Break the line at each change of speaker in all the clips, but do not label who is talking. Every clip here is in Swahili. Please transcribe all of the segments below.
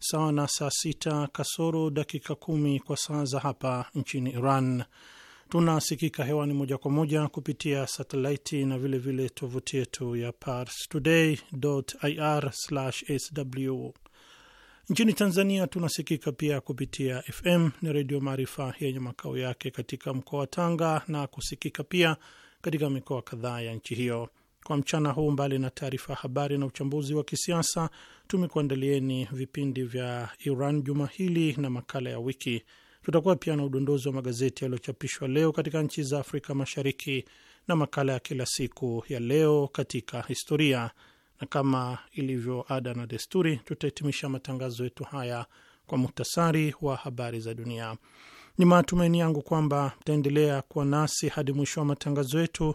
sawa na saa sita kasoro dakika kumi kwa saa za hapa nchini Iran. Tunasikika hewani moja kwa moja kupitia satelaiti na vilevile tovuti yetu ya Pars Today ir sw. Nchini Tanzania tunasikika pia kupitia FM ni Redio Maarifa yenye makao yake katika mkoa wa Tanga na kusikika pia katika mikoa kadhaa ya nchi hiyo. Kwa mchana huu, mbali na taarifa ya habari na uchambuzi wa kisiasa, tumekuandalieni vipindi vya Iran juma hili na makala ya wiki. Tutakuwa pia na udondozi wa magazeti yaliyochapishwa leo katika nchi za Afrika Mashariki na makala ya kila siku ya leo katika historia, na kama ilivyo ada na desturi, tutahitimisha matangazo yetu haya kwa muhtasari wa habari za dunia. Ni matumaini yangu kwamba mtaendelea kuwa nasi hadi mwisho wa matangazo yetu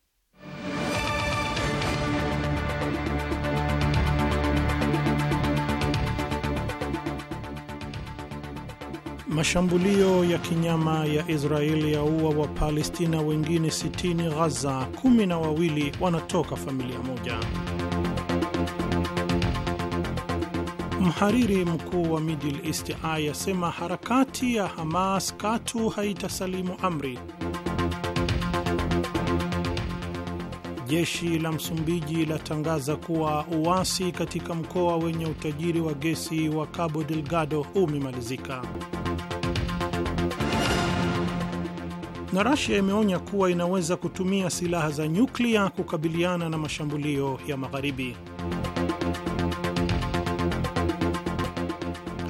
Mashambulio ya kinyama ya Israeli yaua Wapalestina wengine 60 Ghaza, kumi na wawili wanatoka familia moja. Mhariri mkuu wa Middle East Eye asema harakati ya Hamas katu haitasalimu amri. Jeshi la Msumbiji latangaza kuwa uasi katika mkoa wenye utajiri wa gesi wa Cabo Delgado umemalizika. na Russia imeonya kuwa inaweza kutumia silaha za nyuklia kukabiliana na mashambulio ya magharibi.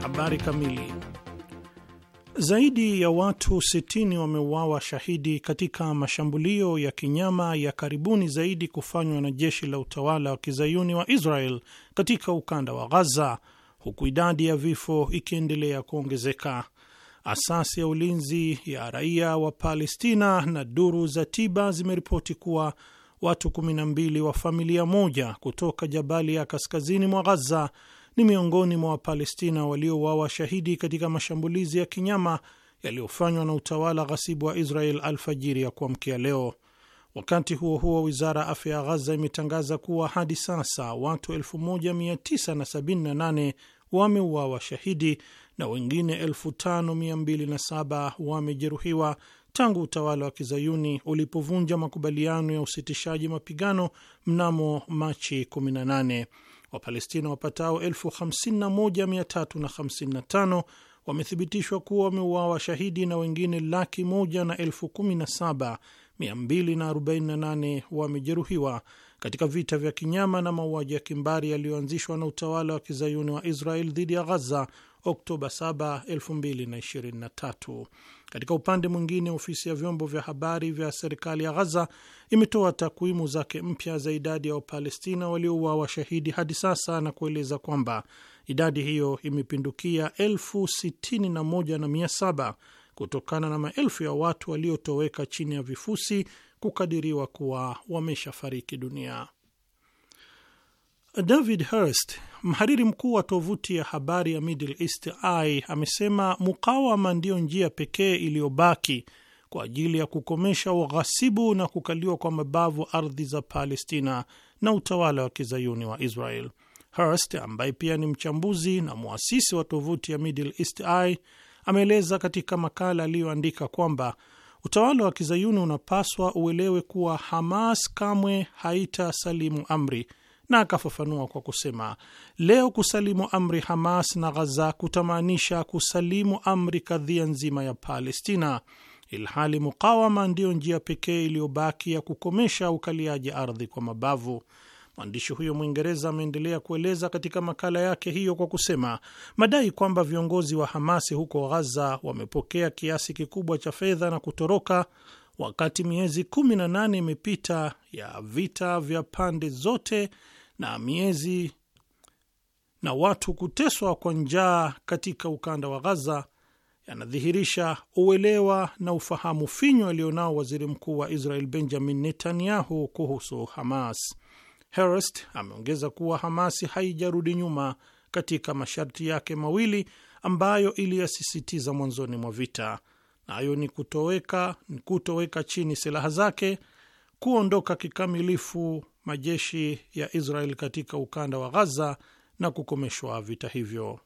Habari kamili. Zaidi ya watu 60 wameuawa shahidi katika mashambulio ya kinyama ya karibuni zaidi kufanywa na jeshi la utawala wa kizayuni wa Israel katika ukanda wa Gaza, huku idadi ya vifo ikiendelea kuongezeka. Asasi ya ulinzi ya raia wa Palestina na duru za tiba zimeripoti kuwa watu 12 wa familia moja kutoka Jabali ya kaskazini mwa Ghaza ni miongoni mwa Wapalestina waliouawa shahidi katika mashambulizi ya kinyama yaliyofanywa na utawala ghasibu wa Israel alfajiri ya kuamkia leo. Wakati huo huo, wizara ya afya ya Ghaza imetangaza kuwa hadi sasa watu 1978 wameuawa shahidi na wengine 5207 wamejeruhiwa tangu utawala wa kizayuni ulipovunja makubaliano ya usitishaji mapigano mnamo Machi 18. Wapalestina wapatao 51355 wamethibitishwa kuwa wameuawa shahidi na wengine laki moja na elfu kumi na saba wamejeruhiwa katika vita vya kinyama na mauaji ya kimbari yaliyoanzishwa na utawala wa kizayuni wa Israel dhidi ya Ghaza Oktoba 7, 2023. Katika upande mwingine, ofisi ya vyombo vya habari vya serikali ya Ghaza imetoa takwimu zake mpya za idadi ya Wapalestina waliouawa shahidi hadi sasa na kueleza kwamba idadi hiyo imepindukia elfu sitini na moja na mia saba kutokana na maelfu ya watu waliotoweka chini ya vifusi kukadiriwa kuwa wameshafariki dunia. David Hurst, mhariri mkuu wa tovuti ya habari ya Middle East Eye, amesema mukawama ndiyo njia pekee iliyobaki kwa ajili ya kukomesha ughasibu na kukaliwa kwa mabavu ardhi za Palestina na utawala wa kizayuni wa Israel. Hurst ambaye pia ni mchambuzi na mwasisi wa tovuti ya Middle East Eye ameeleza katika makala aliyoandika kwamba utawala wa kizayuni unapaswa uelewe kuwa Hamas kamwe haitasalimu amri na akafafanua kwa kusema, leo kusalimu amri Hamas na Ghaza kutamaanisha kusalimu amri kadhia nzima ya Palestina, ilhali mukawama ndiyo njia pekee iliyobaki ya kukomesha ukaliaji ardhi kwa mabavu. Mwandishi huyo Mwingereza ameendelea kueleza katika makala yake hiyo kwa kusema madai kwamba viongozi wa Hamasi huko Ghaza wamepokea kiasi kikubwa cha fedha na kutoroka wakati miezi 18 imepita ya vita vya pande zote na miezi na watu kuteswa kwa njaa katika ukanda wa Ghaza yanadhihirisha uelewa na ufahamu finyo alionao waziri mkuu wa Israel Benjamin Netanyahu kuhusu Hamas. Herest ameongeza kuwa Hamasi haijarudi nyuma katika masharti yake mawili ambayo iliyasisitiza mwanzoni mwa vita, nayo ni kutoweka, ni kutoweka chini silaha zake kuondoka kikamilifu majeshi ya Israel katika ukanda wa Ghaza na kukomeshwa vita hivyo.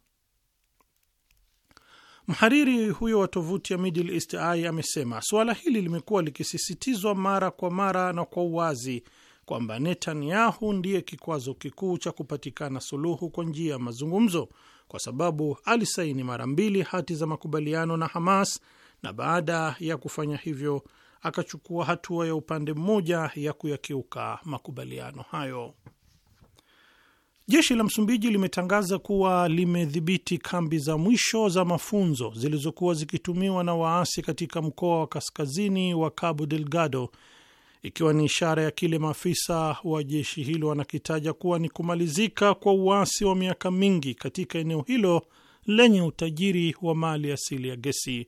Mhariri huyo wa tovuti ya Middle East Eye amesema suala hili limekuwa likisisitizwa mara kwa mara na kwa uwazi kwamba Netanyahu ndiye kikwazo kikuu cha kupatikana suluhu kwa njia ya mazungumzo, kwa sababu alisaini mara mbili hati za makubaliano na Hamas, na baada ya kufanya hivyo akachukua hatua ya upande mmoja ya kuyakiuka makubaliano hayo. Jeshi la Msumbiji limetangaza kuwa limedhibiti kambi za mwisho za mafunzo zilizokuwa zikitumiwa na waasi katika mkoa wa kaskazini wa Cabo Delgado, ikiwa ni ishara ya kile maafisa wa jeshi hilo wanakitaja kuwa ni kumalizika kwa uasi wa miaka mingi katika eneo hilo lenye utajiri wa mali asili ya gesi.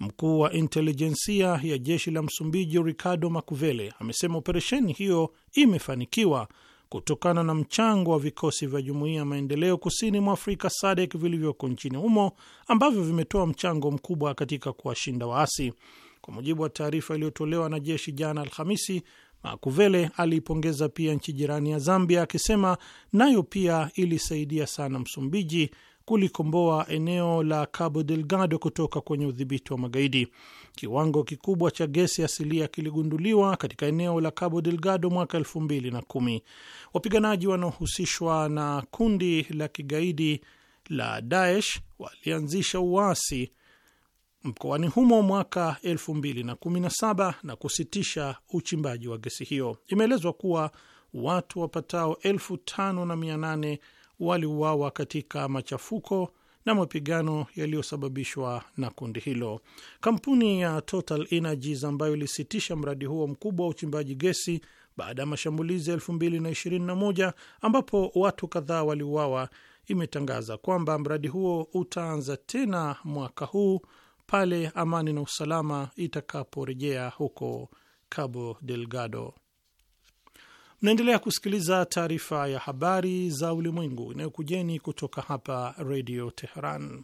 Mkuu wa intelijensia ya jeshi la Msumbiji Ricardo Makuvele amesema operesheni hiyo imefanikiwa kutokana na mchango wa vikosi vya Jumuiya ya Maendeleo Kusini mwa Afrika SADC vilivyoko nchini humo ambavyo vimetoa mchango mkubwa katika kuwashinda waasi. Kwa mujibu wa taarifa iliyotolewa na jeshi jana Alhamisi, Makuvele aliipongeza pia nchi jirani ya Zambia akisema nayo pia ilisaidia sana Msumbiji kulikomboa eneo la Cabo Delgado kutoka kwenye udhibiti wa magaidi. Kiwango kikubwa cha gesi asilia kiligunduliwa katika eneo la Cabo Delgado mwaka elfu mbili na kumi. Wapiganaji wanaohusishwa na kundi la kigaidi la Daesh walianzisha uasi mkoani humo mwaka mbili na, na kusitisha uchimbaji wa gesi hiyo. Imeelezwa kuwa watu wapatao elfu tano na mia nane waliuawa katika machafuko na mapigano yaliyosababishwa na kundi hilo. Kampuni ya Total Energies ambayo ilisitisha mradi huo mkubwa wa uchimbaji gesi baada ya mashambulizi ya 2021 ambapo watu kadhaa waliuawa, imetangaza kwamba mradi huo utaanza tena mwaka huu pale amani na usalama itakaporejea huko Cabo Delgado. Mnaendelea kusikiliza taarifa ya habari za ulimwengu inayokujeni kutoka hapa redio Teheran.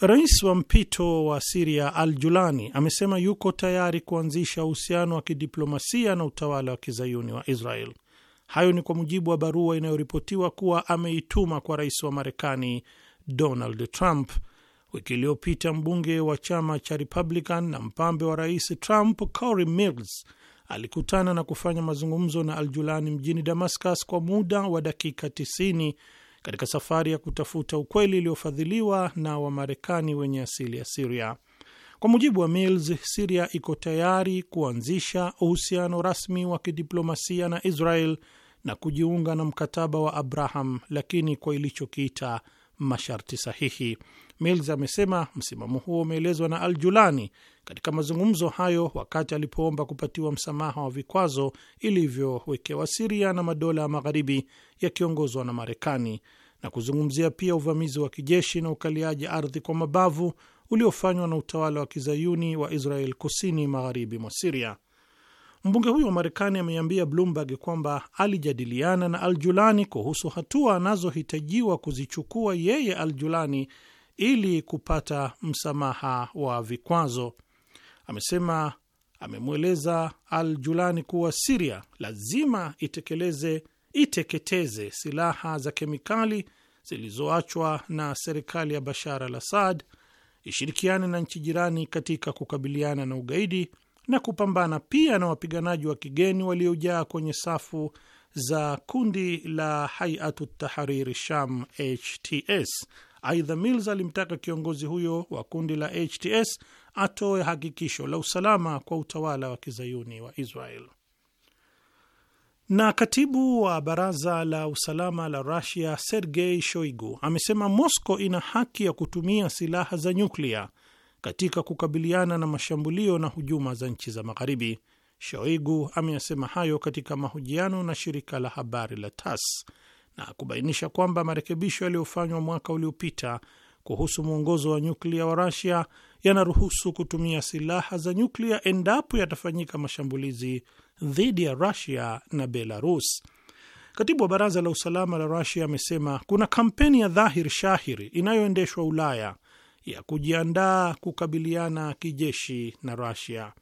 Rais wa mpito wa Siria Al Julani amesema yuko tayari kuanzisha uhusiano wa kidiplomasia na utawala wa kizayuni wa Israel. Hayo ni kwa mujibu wa barua inayoripotiwa kuwa ameituma kwa rais wa Marekani Donald Trump. Wiki iliyopita mbunge wa chama cha Republican na mpambe wa rais Trump Cory Mills alikutana na kufanya mazungumzo na al julani mjini Damascus kwa muda wa dakika 90 katika safari ya kutafuta ukweli iliyofadhiliwa na Wamarekani wenye asili ya Siria. Kwa mujibu wa Mills, Siria iko tayari kuanzisha uhusiano rasmi wa kidiplomasia na Israel na kujiunga na mkataba wa Abraham, lakini kwa ilichokiita masharti sahihi. Mills amesema msimamo huo umeelezwa na Al Julani katika mazungumzo hayo, wakati alipoomba kupatiwa msamaha wa vikwazo ilivyowekewa Siria na madola ya magharibi yakiongozwa na Marekani na kuzungumzia pia uvamizi wa kijeshi na ukaliaji ardhi kwa mabavu uliofanywa na utawala wa kizayuni wa Israel kusini magharibi mwa Siria. Mbunge huyo wa Marekani ameambia Bloomberg kwamba alijadiliana na Al Julani kuhusu hatua anazohitajiwa kuzichukua yeye Al Julani ili kupata msamaha wa vikwazo amesema amemweleza Al Julani kuwa Siria lazima itekeleze iteketeze silaha za kemikali zilizoachwa na serikali ya Bashar al Assad, ishirikiane na nchi jirani katika kukabiliana na ugaidi na kupambana pia na wapiganaji wa kigeni waliojaa kwenye safu za kundi la Haiatu Tahariri Sham, HTS. Aidha, Mills alimtaka kiongozi huyo wa kundi la HTS atoe hakikisho la usalama kwa utawala wa kizayuni wa Israel. Na katibu wa baraza la usalama la Rusia Sergei Shoigu amesema Moscow ina haki ya kutumia silaha za nyuklia katika kukabiliana na mashambulio na hujuma za nchi za Magharibi. Shoigu ameyasema hayo katika mahojiano na shirika la habari la TASS na kubainisha kwamba marekebisho yaliyofanywa mwaka uliopita kuhusu mwongozo wa nyuklia wa Rasia yanaruhusu kutumia silaha za nyuklia endapo yatafanyika mashambulizi dhidi ya Rasia na Belarus. Katibu wa baraza la usalama la Rasia amesema kuna kampeni ya dhahir shahiri inayoendeshwa Ulaya ya kujiandaa kukabiliana kijeshi na Rasia.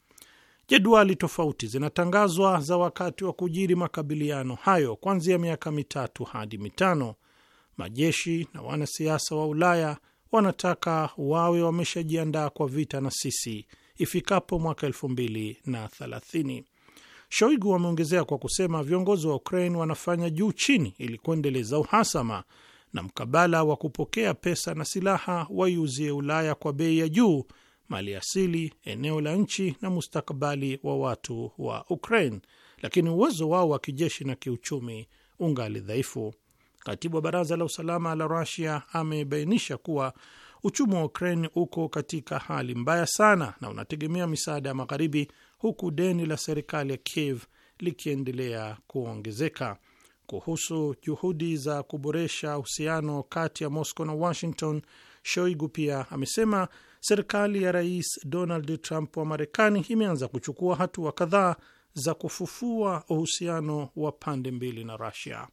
Jedwali tofauti zinatangazwa za wakati wa kujiri makabiliano hayo kuanzia miaka mitatu hadi mitano. Majeshi na wanasiasa wa Ulaya wanataka wawe wameshajiandaa kwa vita na sisi ifikapo mwaka elfu mbili na thelathini. Shoigu wameongezea kwa kusema viongozi wa Ukraine wanafanya juu chini ili kuendeleza uhasama na mkabala wa kupokea pesa na silaha waiuzie Ulaya kwa bei ya juu mali asili, eneo la nchi na mustakabali wa watu wa Ukraine, lakini uwezo wao wa kijeshi na kiuchumi ungali dhaifu. Katibu wa baraza la usalama la Rusia amebainisha kuwa uchumi wa Ukraine uko katika hali mbaya sana na unategemea misaada ya Magharibi, huku deni la serikali ya Kiev likiendelea kuongezeka. Kuhusu juhudi za kuboresha uhusiano kati ya Moscow na Washington, Shoigu pia amesema serikali ya Rais Donald Trump wa Marekani imeanza kuchukua hatua kadhaa za kufufua uhusiano wa pande mbili na Rusia.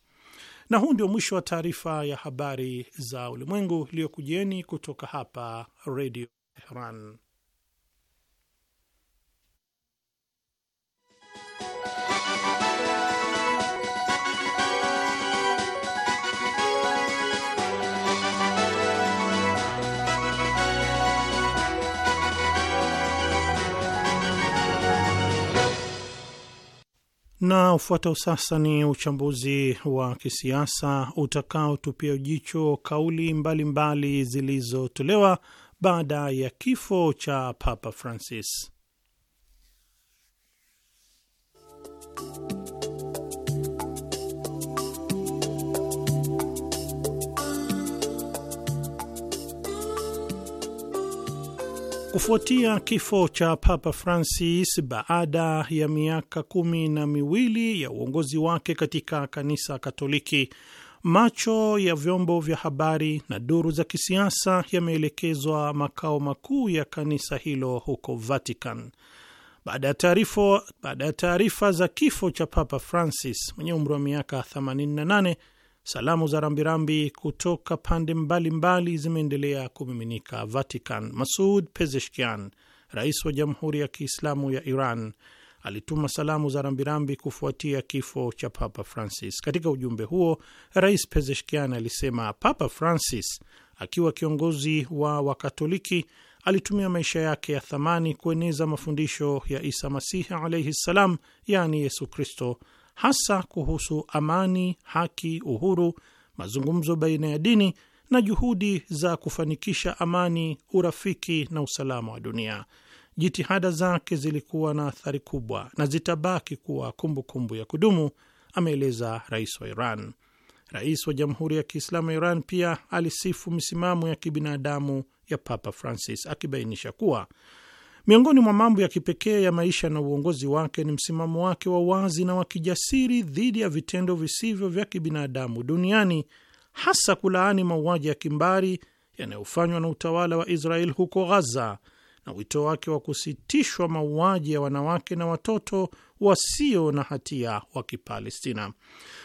Na huu ndio mwisho wa taarifa ya habari za ulimwengu iliyokujieni kutoka hapa Redio Teheran. Na ufuatao sasa ni uchambuzi wa kisiasa utakaotupia jicho kauli mbalimbali zilizotolewa baada ya kifo cha Papa Francis. Kufuatia kifo cha Papa Francis baada ya miaka kumi na miwili ya uongozi wake katika kanisa Katoliki, macho ya vyombo vya habari na duru za kisiasa yameelekezwa makao makuu ya kanisa hilo huko Vatican. Baada ya taarifa za kifo cha Papa Francis mwenye umri wa miaka 88 Salamu za rambirambi kutoka pande mbalimbali zimeendelea kumiminika Vatican. Masud Pezeshkian, rais wa Jamhuri ya Kiislamu ya Iran, alituma salamu za rambirambi kufuatia kifo cha Papa Francis. Katika ujumbe huo, Rais Pezeshkian alisema Papa Francis akiwa kiongozi wa Wakatoliki alitumia maisha yake ya thamani kueneza mafundisho ya Isa Masihi alaihi ssalam, yaani Yesu Kristo hasa kuhusu amani, haki, uhuru, mazungumzo baina ya dini na juhudi za kufanikisha amani, urafiki na usalama wa dunia. Jitihada zake zilikuwa na athari kubwa na zitabaki kuwa kumbukumbu kumbu ya kudumu, ameeleza rais wa Iran. Rais wa Jamhuri ya Kiislamu ya Iran pia alisifu misimamo ya kibinadamu ya Papa Francis akibainisha kuwa Miongoni mwa mambo ya kipekee ya maisha na uongozi wake ni msimamo wake wa wazi na wa kijasiri dhidi ya vitendo visivyo vya kibinadamu duniani, hasa kulaani mauaji ya kimbari yanayofanywa na utawala wa Israel huko Ghaza na wito wake wa kusitishwa mauaji ya wanawake na watoto wasio na hatia wa Kipalestina.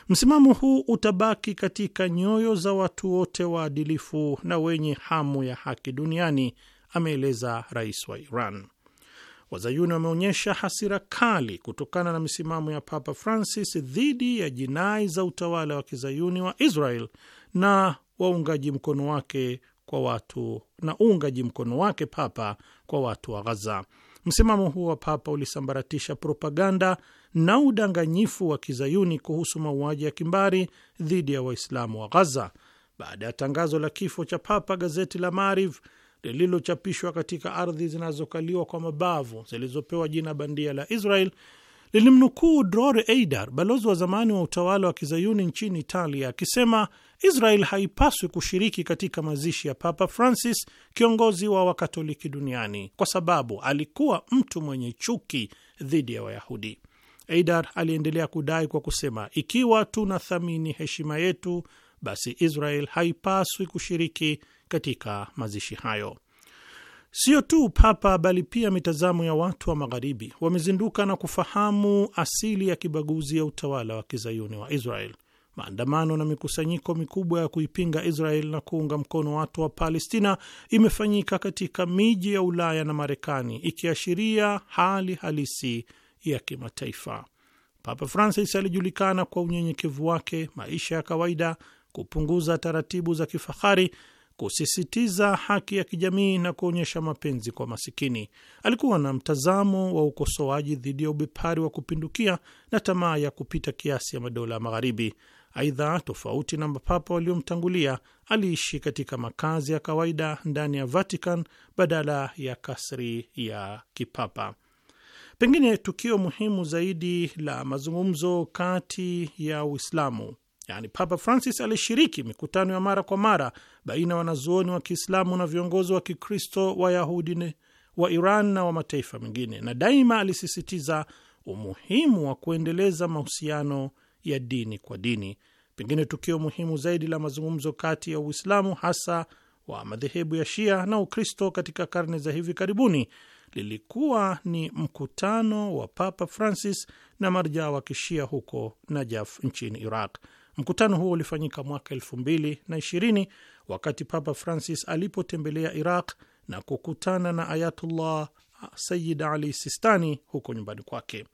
Msimamo huu utabaki katika nyoyo za watu wote waadilifu na wenye hamu ya haki duniani ameeleza rais wa Iran. Wazayuni wameonyesha hasira kali kutokana na misimamo ya Papa Francis dhidi ya jinai za utawala wa kizayuni wa Israel na waungaji mkono wake kwa watu na uungaji mkono wake Papa kwa watu wa Ghaza. Msimamo huo wa Papa ulisambaratisha propaganda na udanganyifu wa kizayuni kuhusu mauaji ya kimbari dhidi ya Waislamu wa Ghaza. Baada ya tangazo la kifo cha Papa, gazeti la Maariv lililochapishwa katika ardhi zinazokaliwa kwa mabavu zilizopewa jina bandia la Israel lilimnukuu Dror Eidar, balozi wa zamani wa utawala wa kizayuni nchini Italia, akisema Israel haipaswi kushiriki katika mazishi ya Papa Francis, kiongozi wa Wakatoliki duniani, kwa sababu alikuwa mtu mwenye chuki dhidi ya Wayahudi. Eidar aliendelea kudai kwa kusema, ikiwa tunathamini heshima yetu, basi Israel haipaswi kushiriki katika mazishi hayo. Sio tu papa bali pia mitazamo ya watu wa magharibi wamezinduka na kufahamu asili ya kibaguzi ya utawala wa kizayuni wa Israel. Maandamano na mikusanyiko mikubwa ya kuipinga Israel na kuunga mkono watu wa Palestina imefanyika katika miji ya Ulaya na Marekani, ikiashiria hali halisi ya kimataifa. Papa Francis alijulikana kwa unyenyekevu wake, maisha ya kawaida, kupunguza taratibu za kifahari kusisitiza haki ya kijamii na kuonyesha mapenzi kwa masikini. Alikuwa na mtazamo wa ukosoaji dhidi ya ubepari wa kupindukia na tamaa ya kupita kiasi ya madola ya Magharibi. Aidha, tofauti na mapapa waliomtangulia, aliishi katika makazi ya kawaida ndani ya Vatican badala ya kasri ya kipapa. Pengine tukio muhimu zaidi la mazungumzo kati ya Uislamu yaani Papa Francis alishiriki mikutano ya mara kwa mara baina ya wanazuoni wa Kiislamu na viongozi wa Kikristo, Wayahudi wa Iran na wa mataifa mengine, na daima alisisitiza umuhimu wa kuendeleza mahusiano ya dini kwa dini. Pengine tukio muhimu zaidi la mazungumzo kati ya Uislamu hasa wa madhehebu ya Shia na Ukristo katika karne za hivi karibuni lilikuwa ni mkutano wa Papa Francis na marjaa wa Kishia huko Najaf nchini Iraq. Mkutano huo ulifanyika mwaka elfu mbili na ishirini wakati Papa Francis alipotembelea Iraq na kukutana na Ayatullah Sayid Ali Sistani huko nyumbani kwake.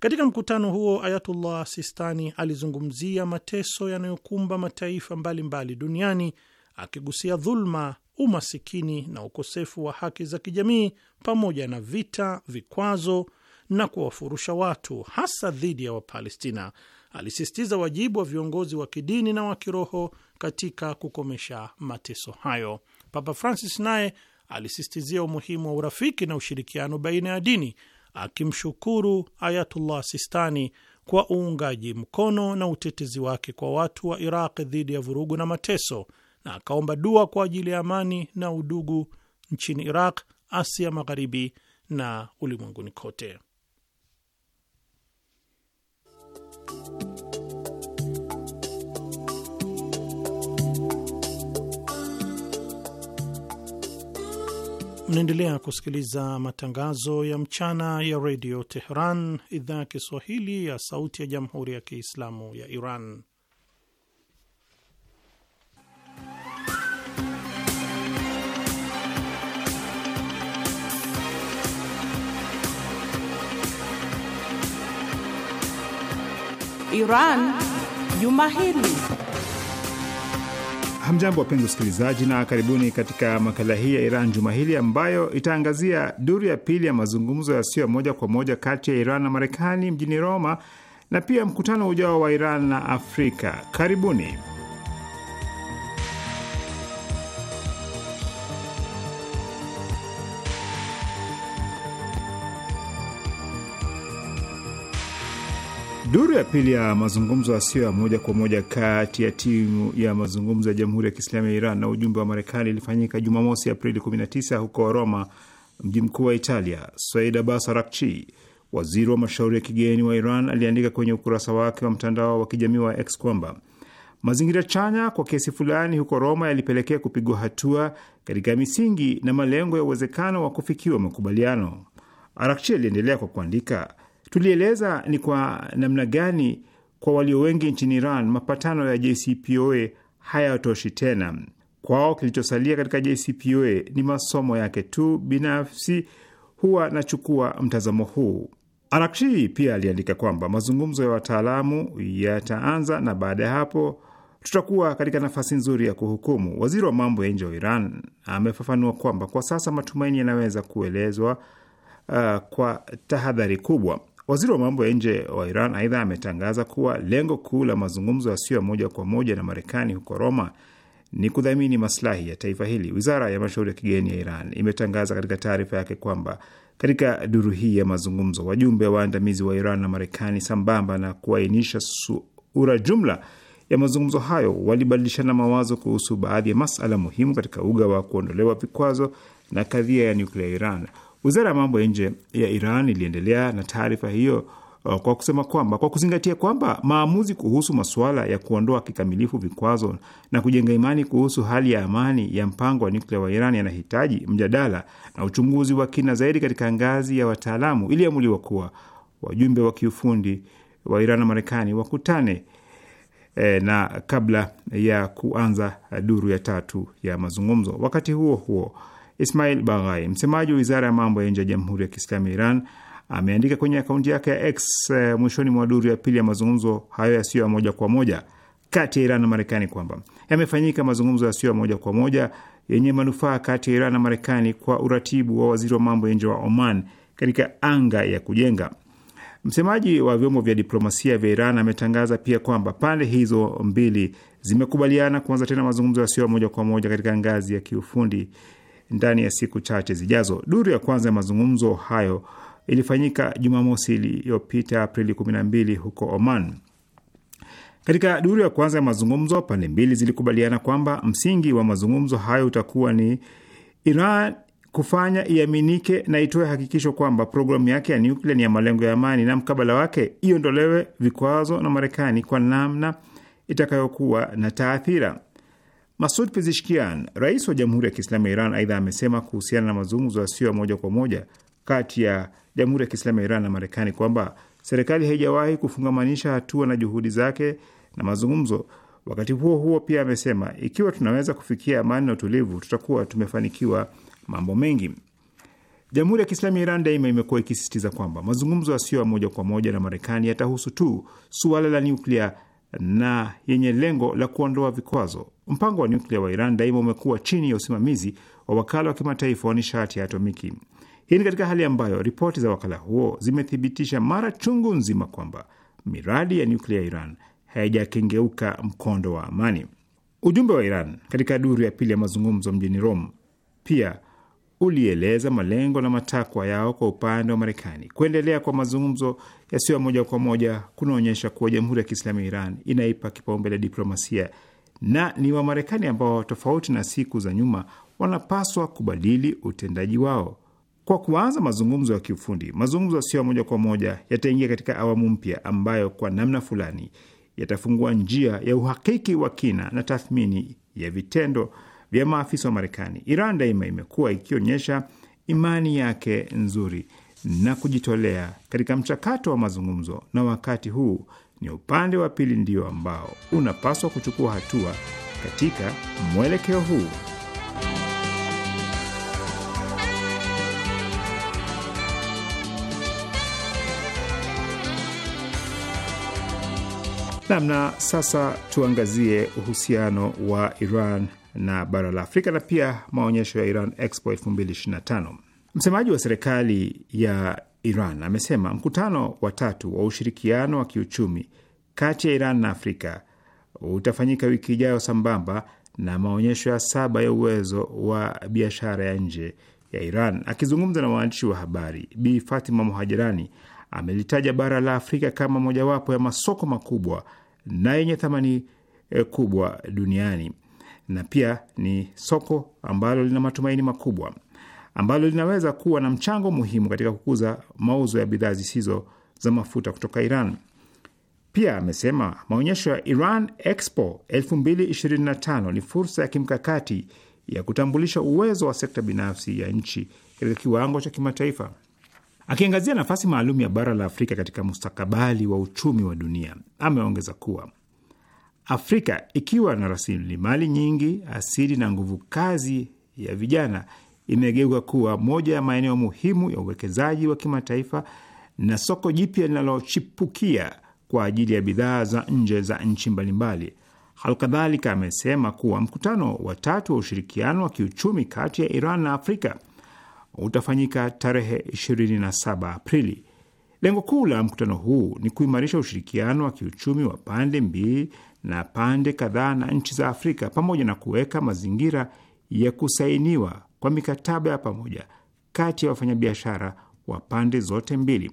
Katika mkutano huo, Ayatullah Sistani alizungumzia mateso yanayokumba mataifa mbalimbali mbali duniani akigusia dhulma, umasikini na ukosefu wa haki za kijamii pamoja na vita, vikwazo na kuwafurusha watu hasa dhidi ya Wapalestina alisisitiza wajibu wa viongozi wa kidini na wa kiroho katika kukomesha mateso hayo. Papa Francis naye alisisitizia umuhimu wa urafiki na ushirikiano baina ya dini, akimshukuru Ayatullah Sistani kwa uungaji mkono na utetezi wake kwa watu wa Iraq dhidi ya vurugu na mateso, na akaomba dua kwa ajili ya amani na udugu nchini Iraq, Asia Magharibi na ulimwenguni kote. unaendelea kusikiliza matangazo ya mchana ya redio Teheran, idhaa ya Kiswahili ya sauti ya jamhuri ya kiislamu ya Iran.
Iran juma hili.
Hamjambo, wapenzi wasikilizaji, na karibuni katika makala hii ya Iran juma hili ambayo itaangazia duru ya pili ya mazungumzo yasiyo ya moja kwa moja kati ya Iran na Marekani mjini Roma na pia mkutano ujao wa Iran na Afrika. Karibuni. Duru ya pili ya mazungumzo yasiyo ya moja kwa moja kati ya timu ya mazungumzo ya Jamhuri ya Kiislamu ya Iran na ujumbe wa Marekani ilifanyika Jumamosi, Aprili 19 huko Roma, mji mkuu wa Italia. Said Abbas Arakchi, waziri wa mashauri ya kigeni wa Iran, aliandika kwenye ukurasa wake wa mtandao wa kijamii wa X kwamba mazingira chanya kwa kesi fulani huko Roma yalipelekea kupigwa hatua katika misingi na malengo ya uwezekano wa kufikiwa makubaliano. Arakchi aliendelea kwa kuandika Tulieleza ni kwa namna gani kwa walio wengi nchini Iran mapatano ya JCPOA hayatoshi tena. Kwao kilichosalia katika JCPOA ni masomo yake tu. Binafsi huwa nachukua mtazamo huu. Arakshi pia aliandika kwamba mazungumzo ya wataalamu yataanza na baada ya hapo tutakuwa katika nafasi nzuri ya kuhukumu. Waziri wa mambo ya nje wa Iran amefafanua kwamba kwa sasa matumaini yanaweza kuelezwa uh, kwa tahadhari kubwa. Waziri wa mambo ya nje wa Iran aidha ametangaza kuwa lengo kuu la mazungumzo yasiyo ya moja kwa moja na Marekani huko Roma ni kudhamini maslahi ya taifa hili. Wizara ya mashauri ya kigeni ya Iran imetangaza katika taarifa yake kwamba katika duru hii ya mazungumzo wajumbe waandamizi wa Iran na Marekani, sambamba na kuainisha sura jumla ya mazungumzo hayo, walibadilishana mawazo kuhusu baadhi ya masala muhimu katika uga wa kuondolewa vikwazo na kadhia ya nyuklia ya Iran. Wizara ya mambo ya nje ya Iran iliendelea na taarifa hiyo uh, kwa kusema kwamba kwa kuzingatia kwamba maamuzi kuhusu masuala ya kuondoa kikamilifu vikwazo na kujenga imani kuhusu hali ya amani ya mpango wa nyuklia wa Iran yanahitaji mjadala na uchunguzi wa kina zaidi katika ngazi ya wataalamu, iliamuliwa kuwa wajumbe wa kiufundi wa Iran na Marekani wakutane e, na kabla ya kuanza duru ya tatu ya mazungumzo. Wakati huo huo Ismail Baghai, msemaji wa wizara ya mambo ya nje ya Jamhuri ya Kiislamu ya Iran, ameandika kwenye akaunti yake ya X eh, mwishoni mwa duru ya pili ya mazungumzo hayo yasiyo ya moja kwa moja kati ya Iran na Marekani kwamba yamefanyika mazungumzo yasiyo ya moja kwa moja yenye manufaa kati ya Iran na Marekani kwa uratibu wa waziri wa mambo ya nje wa Oman katika anga ya kujenga. Msemaji wa vyombo vya diplomasia vya Iran ametangaza pia kwamba pande hizo mbili zimekubaliana kuanza tena mazungumzo yasiyo ya moja kwa moja katika ngazi ya kiufundi ndani ya siku chache zijazo. Duru ya kwanza ya mazungumzo hayo ilifanyika Jumamosi iliyopita Aprili 12 huko Oman. Katika duru ya kwanza ya mazungumzo, pande mbili zilikubaliana kwamba msingi wa mazungumzo hayo utakuwa ni Iran kufanya iaminike na itoe hakikisho kwamba programu yake ya nyuklia ni ya malengo ya amani na mkabala wake iondolewe vikwazo na Marekani kwa namna itakayokuwa na taathira. Masud Pezishkian, rais wa Jamhuri ya Kiislamu ya Iran, aidha amesema kuhusiana na mazungumzo yasiyo ya moja kwa moja kati ya Jamhuri ya Kiislamu ya Iran na Marekani kwamba serikali haijawahi kufungamanisha hatua na juhudi zake na mazungumzo. Wakati huo huo, pia amesema ikiwa tunaweza kufikia amani na utulivu, tutakuwa tumefanikiwa mambo mengi. Jamhuri ya Kiislamu ya Iran daima imekuwa ikisisitiza kwamba mazungumzo yasiyo ya moja kwa moja na Marekani yatahusu tu suala la nyuklia na yenye lengo la kuondoa vikwazo. Mpango wa nyuklia wa Iran daima umekuwa chini ya usimamizi wa wakala wa kimataifa wa nishati ya atomiki. Hii ni katika hali ambayo ripoti za wakala huo zimethibitisha mara chungu nzima kwamba miradi ya nyuklia ya Iran haijakengeuka mkondo wa amani. Ujumbe wa Iran katika duru ya pili ya mazungumzo mjini Rome pia ulieleza malengo na matakwa yao kwa upande wa Marekani. Kuendelea kwa mazungumzo yasiyo moja kwa moja kunaonyesha kuwa Jamhuri ya Kiislamu ya Iran inaipa kipaumbele diplomasia na ni Wamarekani ambao tofauti na siku za nyuma wanapaswa kubadili utendaji wao kwa kuanza mazungumzo ya kiufundi. Mazungumzo yasiyo moja kwa moja yataingia katika awamu mpya ambayo kwa namna fulani yatafungua njia ya uhakiki wa kina na tathmini ya vitendo vya maafisa wa Marekani. Iran daima imekuwa ikionyesha imani yake nzuri na kujitolea katika mchakato wa mazungumzo, na wakati huu ni upande wa pili ndio ambao unapaswa kuchukua hatua katika mwelekeo huu. Namna sasa tuangazie uhusiano wa Iran na bara la Afrika na pia maonyesho ya Iran Expo 2025. Msemaji wa serikali ya Iran amesema mkutano wa tatu wa ushirikiano wa kiuchumi kati ya Iran na Afrika utafanyika wiki ijayo sambamba na maonyesho ya saba ya uwezo wa biashara ya nje ya Iran. Akizungumza na waandishi wa habari, Bi Fatima Muhajirani amelitaja bara la Afrika kama mojawapo ya masoko makubwa na yenye thamani eh, kubwa duniani na pia ni soko ambalo lina matumaini makubwa ambalo linaweza kuwa na mchango muhimu katika kukuza mauzo ya bidhaa zisizo za mafuta kutoka Iran. Pia amesema maonyesho ya Iran Expo 2025 ni fursa ya kimkakati ya kutambulisha uwezo wa sekta binafsi ya nchi katika kiwango cha kimataifa. Akiangazia nafasi maalum ya bara la Afrika katika mustakabali wa uchumi wa dunia, ameongeza kuwa Afrika ikiwa na rasilimali nyingi asili na nguvu kazi ya vijana imegeuka kuwa moja ya maeneo muhimu ya uwekezaji wa kimataifa na soko jipya linalochipukia kwa ajili ya bidhaa za nje za nchi mbalimbali. Halkadhalika, amesema kuwa mkutano wa tatu wa ushirikiano wa kiuchumi kati ya Iran na Afrika utafanyika tarehe 27 Aprili. Lengo kuu la mkutano huu ni kuimarisha ushirikiano wa kiuchumi wa pande mbili na pande kadhaa na nchi za Afrika pamoja na kuweka mazingira ya kusainiwa kwa mikataba ya pamoja kati ya wafanyabiashara wa pande zote mbili.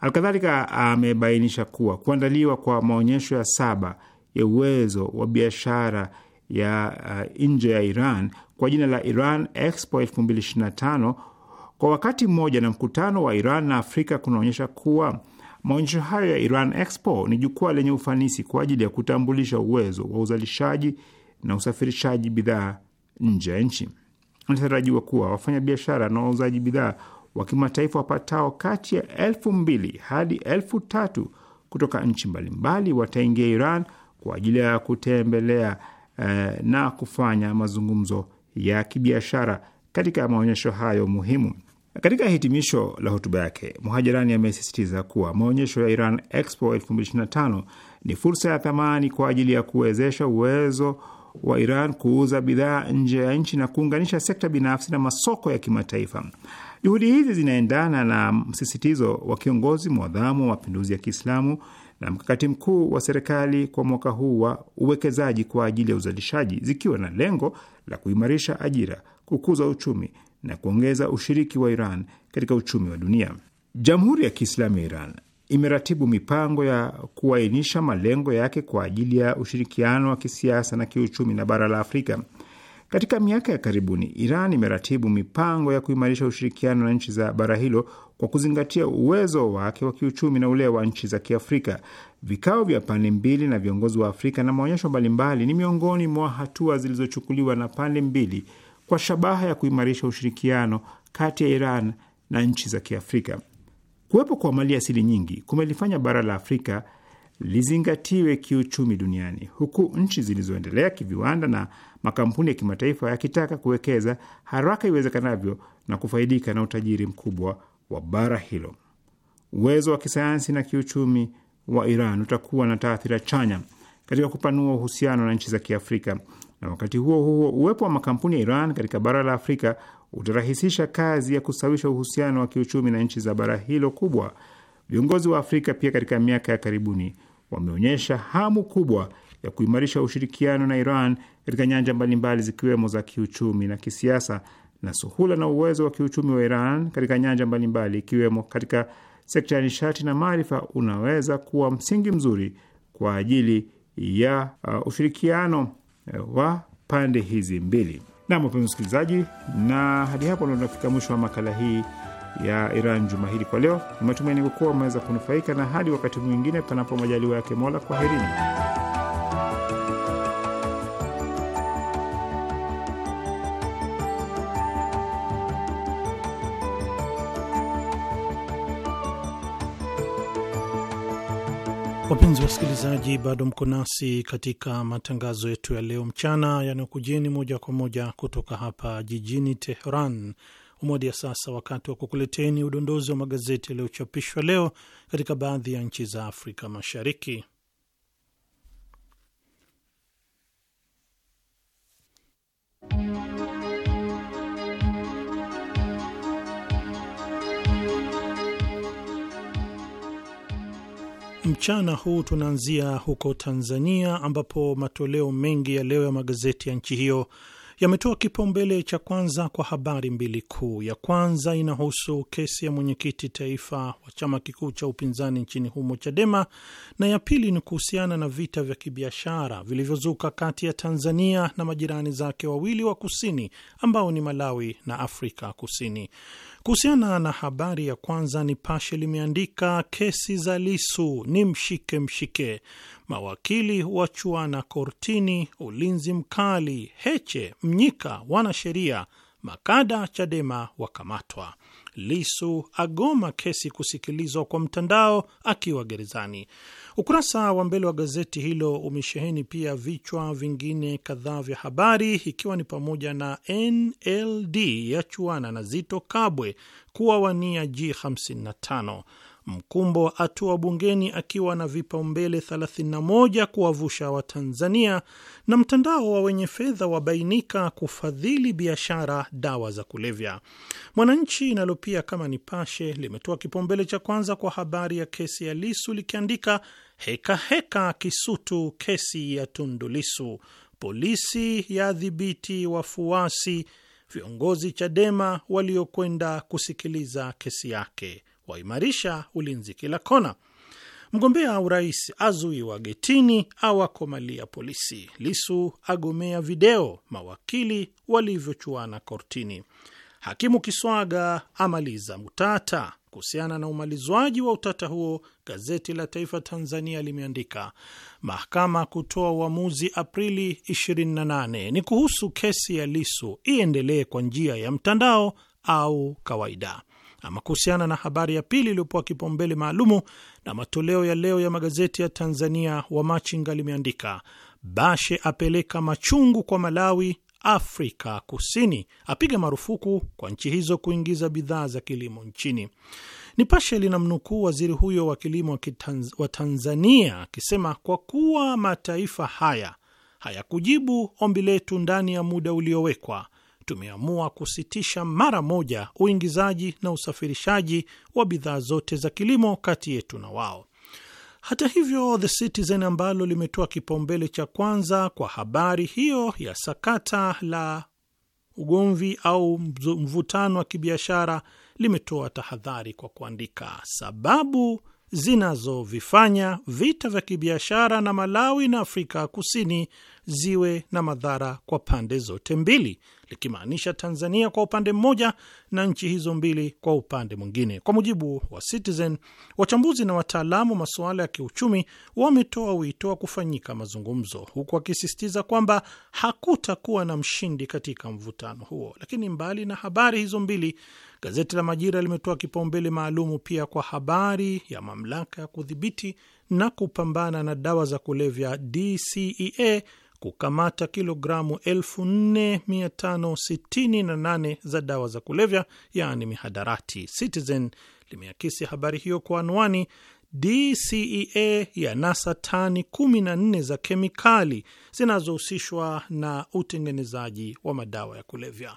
Alkadhalika, amebainisha kuwa kuandaliwa kwa maonyesho ya saba ya uwezo wa biashara ya uh, nje ya Iran kwa jina la Iran Expo 2025 kwa wakati mmoja na mkutano wa Iran na Afrika kunaonyesha kuwa Maonyesho hayo ya Iran Expo ni jukwaa lenye ufanisi kwa ajili ya kutambulisha uwezo wa uzalishaji na usafirishaji bidhaa nje ya nchi. Inatarajiwa kuwa wafanyabiashara na wauzaji bidhaa wa kimataifa wapatao kati ya elfu mbili hadi elfu tatu kutoka nchi mbalimbali wataingia Iran kwa ajili ya kutembelea eh, na kufanya mazungumzo ya kibiashara katika maonyesho hayo muhimu. Katika hitimisho la hotuba yake, Muhajirani amesisitiza kuwa maonyesho ya Iran Expo 2025 ni fursa ya thamani kwa ajili ya kuwezesha uwezo wa Iran kuuza bidhaa nje ya nchi na kuunganisha sekta binafsi na masoko ya kimataifa. Juhudi hizi zinaendana na msisitizo wa kiongozi mwadhamu wa mapinduzi ya Kiislamu na mkakati mkuu wa serikali kwa mwaka huu wa uwekezaji kwa ajili ya uzalishaji, zikiwa na lengo la kuimarisha ajira, kukuza uchumi na kuongeza ushiriki wa Iran katika uchumi wa dunia. Jamhuri ya Kiislamu ya Iran imeratibu mipango ya kuainisha malengo yake kwa ajili ya ushirikiano wa kisiasa na kiuchumi na bara la Afrika. Katika miaka ya karibuni, Iran imeratibu mipango ya kuimarisha ushirikiano na nchi za bara hilo kwa kuzingatia uwezo wake wa kiuchumi na ule wa nchi za Kiafrika. Vikao vya pande mbili na viongozi wa Afrika na maonyesho mbalimbali ni miongoni mwa hatua zilizochukuliwa na pande mbili kwa shabaha ya kuimarisha ushirikiano kati ya Iran na nchi za Kiafrika. Kuwepo kwa mali asili nyingi kumelifanya bara la Afrika lizingatiwe kiuchumi duniani, huku nchi zilizoendelea kiviwanda na makampuni ya kimataifa yakitaka kuwekeza haraka iwezekanavyo na kufaidika na utajiri mkubwa wa bara hilo. Uwezo wa kisayansi na kiuchumi wa Iran utakuwa na taathira chanya katika kupanua uhusiano na nchi za Kiafrika na wakati huo huo uwepo wa makampuni ya Iran katika bara la Afrika utarahisisha kazi ya kusawisha uhusiano wa kiuchumi na nchi za bara hilo kubwa. Viongozi wa Afrika pia katika miaka ya karibuni wameonyesha hamu kubwa ya kuimarisha ushirikiano na Iran katika nyanja mbalimbali zikiwemo za kiuchumi na kisiasa, na suhula na uwezo wa kiuchumi wa Iran katika nyanja mbalimbali ikiwemo katika sekta ya nishati na maarifa unaweza kuwa msingi mzuri kwa ajili ya uh, ushirikiano wa pande hizi mbili. Nam, wapenzi msikilizaji, na hadi hapo ndo tunafika mwisho wa makala hii ya Iran juma hili kwa leo. Ni matumaini kuwa umeweza kunufaika, na hadi wakati mwingine, panapo majaliwa yake Mola, kwaherini.
Wapenzi wasikilizaji, bado mko nasi katika matangazo yetu ya leo mchana yanayokujeni moja kwa moja kutoka hapa jijini Teheran. Umoja sasa wakati wa kukuleteni udondozi wa magazeti yaliyochapishwa leo katika baadhi ya nchi za Afrika Mashariki. Mchana huu tunaanzia huko Tanzania, ambapo matoleo mengi ya leo ya magazeti ya nchi hiyo yametoa kipaumbele cha kwanza kwa habari mbili kuu. Ya kwanza inahusu kesi ya mwenyekiti taifa wa chama kikuu cha upinzani nchini humo Chadema, na ya pili ni kuhusiana na vita vya kibiashara vilivyozuka kati ya Tanzania na majirani zake wawili wa kusini ambao ni Malawi na Afrika Kusini. Kuhusiana na habari ya kwanza, Nipashe limeandika kesi za Lisu ni mshike mshike, mawakili wachuana kortini, ulinzi mkali, Heche, Mnyika, wanasheria makada Chadema wakamatwa, Lisu agoma kesi kusikilizwa kwa mtandao akiwa gerezani. Ukurasa wa mbele wa gazeti hilo umesheheni pia vichwa vingine kadhaa vya habari ikiwa ni pamoja na NLD yachuana na Zito Kabwe kuwa wania G55 Mkumbo atua bungeni akiwa na vipaumbele 31 kuwavusha Watanzania, na mtandao wa wenye fedha wabainika kufadhili biashara dawa za kulevya. Mwananchi inalopia pia kama Nipashe limetoa kipaumbele cha kwanza kwa habari ya kesi ya Lisu likiandika heka heka Kisutu, kesi ya Tundu Lisu, polisi yadhibiti wafuasi viongozi Chadema waliokwenda kusikiliza kesi yake waimarisha ulinzi kila kona. Mgombea urais azuiwa getini, awakomalia polisi. Lisu agomea video, mawakili walivyochuana kortini. Hakimu Kiswaga amaliza mutata Kuhusiana na umalizwaji wa utata huo, gazeti la Taifa Tanzania limeandika mahakama kutoa uamuzi Aprili 28 ni kuhusu kesi ya Lisu iendelee kwa njia ya mtandao au kawaida. Ama kuhusiana na habari ya pili iliyopewa kipaumbele maalumu na matoleo ya leo ya magazeti ya Tanzania, Wamachinga limeandika Bashe apeleka machungu kwa Malawi, Afrika Kusini apiga marufuku kwa nchi hizo kuingiza bidhaa za kilimo nchini. Nipashe linamnukuu waziri huyo wa kilimo wa Tanzania akisema kwa kuwa mataifa haya hayakujibu ombi letu ndani ya muda uliowekwa, tumeamua kusitisha mara moja uingizaji na usafirishaji wa bidhaa zote za kilimo kati yetu na wao. Hata hivyo, The Citizen ambalo limetoa kipaumbele cha kwanza kwa habari hiyo ya sakata la ugomvi au mvutano wa kibiashara limetoa tahadhari kwa kuandika, sababu zinazovifanya vita vya kibiashara na Malawi na Afrika Kusini ziwe na madhara kwa pande zote mbili, likimaanisha Tanzania kwa upande mmoja na nchi hizo mbili kwa upande mwingine. Kwa mujibu wa Citizen, wachambuzi na wataalamu masuala ya kiuchumi wametoa wito wa kufanyika mazungumzo, huku wakisisitiza kwamba hakutakuwa na mshindi katika mvutano huo. Lakini mbali na habari hizo mbili, gazeti la Majira limetoa kipaumbele maalumu pia kwa habari ya mamlaka ya kudhibiti na kupambana na dawa za kulevya DCEA kukamata kilogramu 4568 za dawa za kulevya yaani mihadarati. Citizen limeakisi habari hiyo kwa anwani DCEA ya nasa tani 14 za kemikali zinazohusishwa na utengenezaji wa madawa ya kulevya.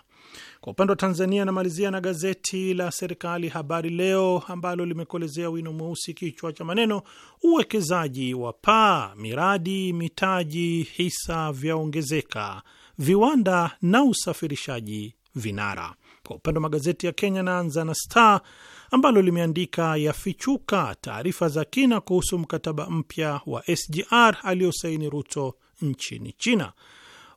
Kwa upande wa Tanzania, namalizia na gazeti la serikali Habari Leo ambalo limekolezea wino mweusi kichwa cha maneno uwekezaji wa paa, miradi, mitaji, hisa vyaongezeka, viwanda na usafirishaji vinara. Kwa upande wa magazeti ya Kenya, naanza na Star ambalo limeandika yafichuka taarifa za kina kuhusu mkataba mpya wa SGR aliyosaini Ruto nchini China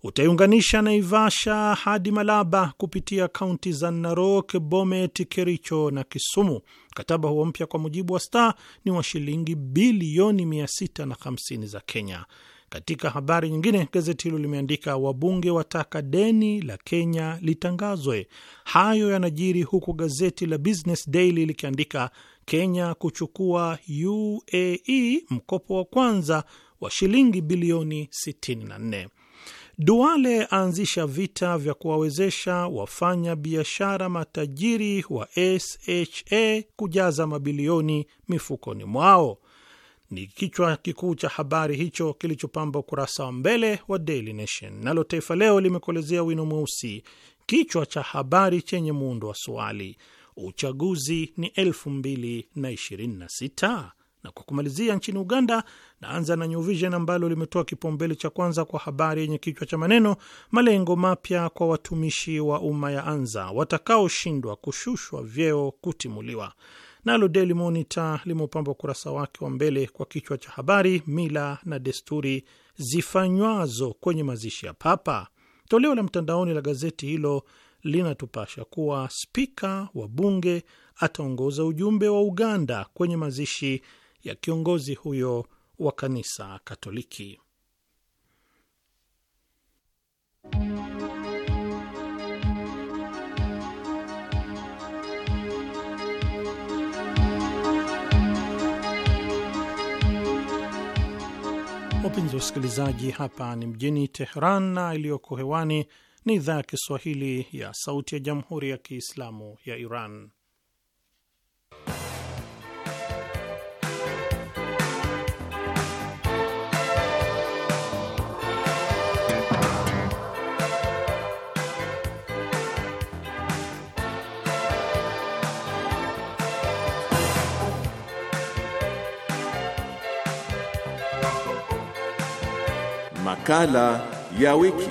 utaiunganisha Naivasha hadi Malaba kupitia kaunti za Narok, Bomet, Kericho na Kisumu. Mkataba huo mpya, kwa mujibu wa Star, ni wa shilingi bilioni 650 za Kenya. Katika habari nyingine, gazeti hilo limeandika wabunge wataka deni la Kenya litangazwe. Hayo yanajiri huku gazeti la Business Daily likiandika Kenya kuchukua UAE mkopo wa kwanza wa shilingi bilioni 64. Duale aanzisha vita vya kuwawezesha wafanya biashara matajiri wa SHA kujaza mabilioni mifukoni mwao ni kichwa kikuu cha habari hicho kilichopamba ukurasa wa mbele wa Daily Nation. Nalo Taifa Leo limekolezea wino mweusi kichwa cha habari chenye muundo wa swali, uchaguzi ni 226 na kwa kumalizia nchini Uganda, naanza na New Vision ambalo limetoa kipaumbele cha kwanza kwa habari yenye kichwa cha maneno malengo mapya kwa watumishi wa umma ya anza, watakaoshindwa kushushwa vyeo kutimuliwa. Nalo Daily Monitor limeupamba ukurasa wake wa mbele kwa kichwa cha habari mila na desturi zifanywazo kwenye mazishi ya Papa. Toleo la mtandaoni la gazeti hilo linatupasha kuwa spika wa bunge ataongoza ujumbe wa Uganda kwenye mazishi ya kiongozi huyo wa kanisa Katoliki. Wapenzi usikilizaji hapa ni mjini Teheran na iliyoko hewani ni idhaa ya Kiswahili ya Sauti ya Jamhuri ya Kiislamu ya Iran.
Makala ya wiki.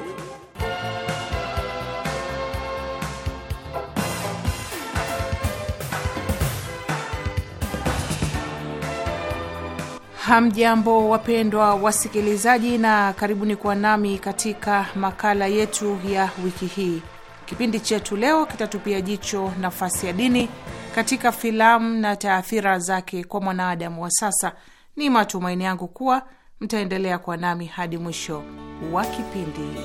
Hamjambo, wapendwa wasikilizaji, na karibuni kwa nami katika makala yetu ya wiki hii. Kipindi chetu leo kitatupia jicho nafasi ya dini katika filamu na taathira zake kwa mwanadamu wa sasa. Ni matumaini yangu kuwa mtaendelea kuwa nami hadi mwisho wa kipindi.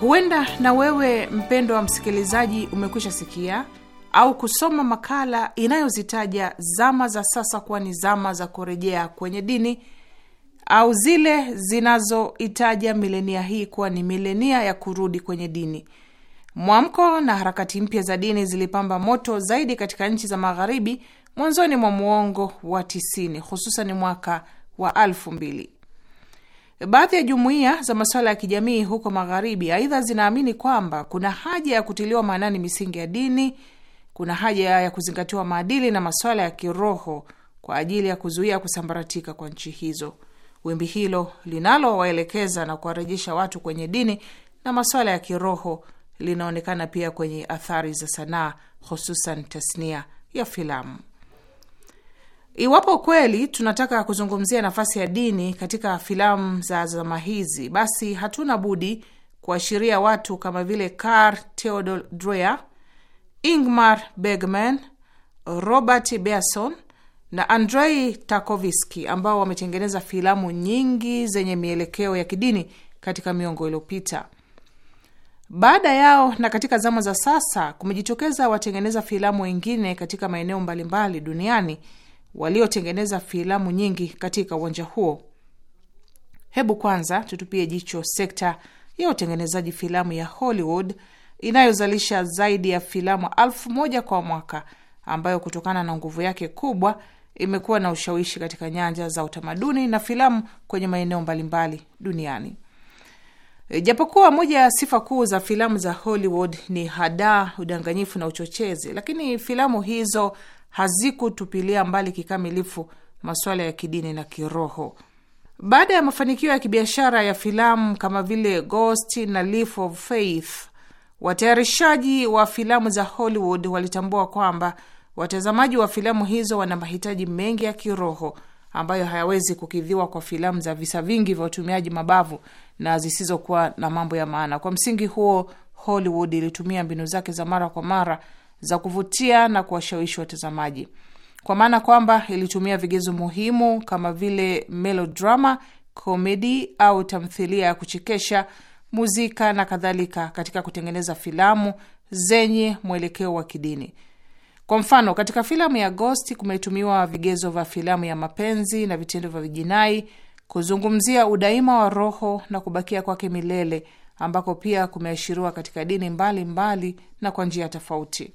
Huenda na wewe mpendo wa msikilizaji umekwisha sikia au kusoma makala inayozitaja zama za sasa kuwa ni zama za kurejea kwenye dini au zile zinazoitaja milenia hii kuwa ni milenia ya kurudi kwenye dini. Mwamko na harakati mpya za dini zilipamba moto zaidi katika nchi za magharibi mwanzoni mwa muongo wa tisini, hususan mwaka wa alfu mbili. Baadhi ya jumuiya za masuala ya kijamii huko magharibi aidha zinaamini kwamba kuna haja ya kutiliwa maanani misingi ya dini, kuna haja ya kuzingatiwa maadili na masuala ya kiroho kwa ajili ya kuzuia kusambaratika kwa nchi hizo. Wimbi hilo linalowaelekeza na kuwarejesha watu kwenye dini na masuala ya kiroho linaonekana pia kwenye athari za sanaa, hususan tasnia ya filamu. Iwapo kweli tunataka kuzungumzia nafasi ya dini katika filamu za zama hizi, basi hatuna budi kuashiria watu kama vile Carl Theodor Dreyer, Ingmar Bergman, Robert Bresson na Andrei Tarkovsky ambao wametengeneza filamu nyingi zenye mielekeo ya kidini katika miongo iliyopita. Baada yao na katika zama za sasa kumejitokeza watengeneza filamu wengine katika maeneo mbalimbali duniani waliotengeneza filamu nyingi katika uwanja huo. Hebu kwanza tutupie jicho sekta ya utengenezaji filamu ya Hollywood inayozalisha zaidi ya filamu elfu moja kwa mwaka ambayo kutokana na nguvu yake kubwa imekuwa na ushawishi katika nyanja za utamaduni na filamu kwenye maeneo mbalimbali duniani. E, japokuwa moja ya sifa kuu za filamu za Hollywood ni hadaa, udanganyifu na uchochezi, lakini filamu hizo hazikutupilia mbali kikamilifu masuala ya kidini na kiroho. Baada ya mafanikio ya kibiashara ya filamu kama vile Ghost na Leap of Faith, watayarishaji wa filamu za Hollywood walitambua kwamba Watazamaji wa filamu hizo wana mahitaji mengi ya kiroho ambayo hayawezi kukidhiwa kwa filamu za visa vingi vya utumiaji mabavu na zisizokuwa na mambo ya maana. Kwa msingi huo, Hollywood ilitumia mbinu zake za mara kwa mara za kuvutia na kuwashawishi watazamaji, kwa maana kwamba ilitumia vigezo muhimu kama vile melodrama, komedi au tamthilia ya kuchekesha, muzika na kadhalika katika kutengeneza filamu zenye mwelekeo wa kidini. Kwa mfano, katika filamu ya Ghost kumetumiwa vigezo vya filamu ya mapenzi na vitendo vya vijinai kuzungumzia udaima wa roho na kubakia kwake milele ambako pia kumeashiriwa katika dini mbalimbali mbali na kwa njia tofauti.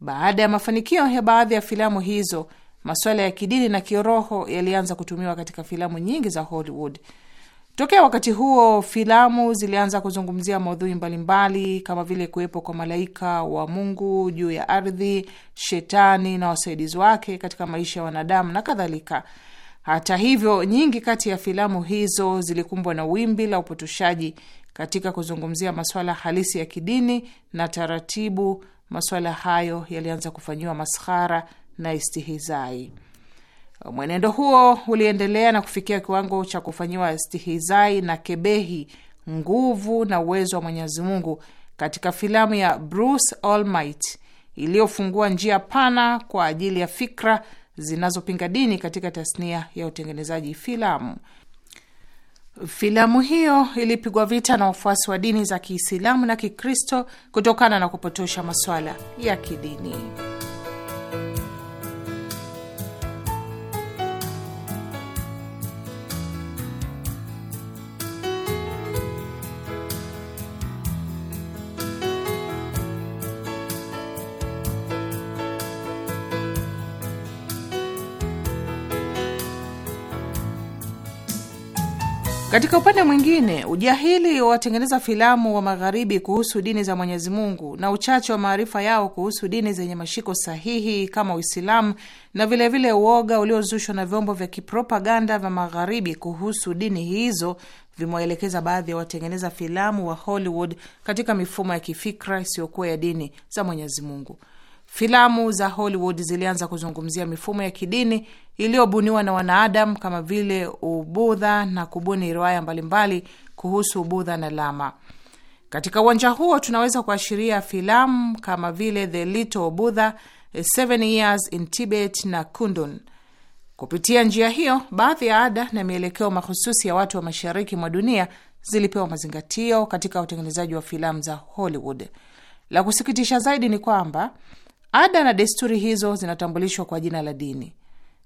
Baada ya mafanikio ya baadhi ya filamu hizo, masuala ya kidini na kiroho yalianza kutumiwa katika filamu nyingi za Hollywood Tokea wakati huo filamu zilianza kuzungumzia maudhui mbalimbali kama vile kuwepo kwa malaika wa Mungu juu ya ardhi, shetani na wasaidizi wake katika maisha ya wanadamu na kadhalika. Hata hivyo, nyingi kati ya filamu hizo zilikumbwa na wimbi la upotoshaji katika kuzungumzia masuala halisi ya kidini, na taratibu masuala hayo yalianza kufanyiwa maskhara na istihizai. Mwenendo huo uliendelea na kufikia kiwango cha kufanyiwa stihizai na kebehi nguvu na uwezo wa Mwenyezi Mungu katika filamu ya Bruce Almighty iliyofungua njia pana kwa ajili ya fikra zinazopinga dini katika tasnia ya utengenezaji filamu. Filamu hiyo ilipigwa vita na wafuasi wa dini za Kiislamu na Kikristo kutokana na kupotosha masuala ya kidini. Katika upande mwingine, ujahili wa watengeneza filamu wa Magharibi kuhusu dini za Mwenyezi Mungu na uchache wa maarifa yao kuhusu dini zenye mashiko sahihi kama Uislamu na vilevile uoga uliozushwa na vyombo vya kipropaganda vya Magharibi kuhusu dini hizo vimewaelekeza baadhi ya watengeneza filamu wa Hollywood katika mifumo ya kifikra isiyokuwa ya dini za Mwenyezi Mungu. Filamu za Hollywood zilianza kuzungumzia mifumo ya kidini iliyobuniwa na wanaadamu kama vile Ubudha na kubuni riwaya mbalimbali kuhusu Ubudha na Lama. Katika uwanja huo tunaweza kuashiria filamu kama vile The Little Buddha, Seven Years in Tibet na Kundun. Kupitia njia hiyo, baadhi ya ada na mielekeo mahususi ya watu wa mashariki mwa dunia zilipewa mazingatio katika utengenezaji wa filamu za Hollywood. La kusikitisha zaidi ni kwamba Ada na desturi hizo zinatambulishwa kwa jina la dini.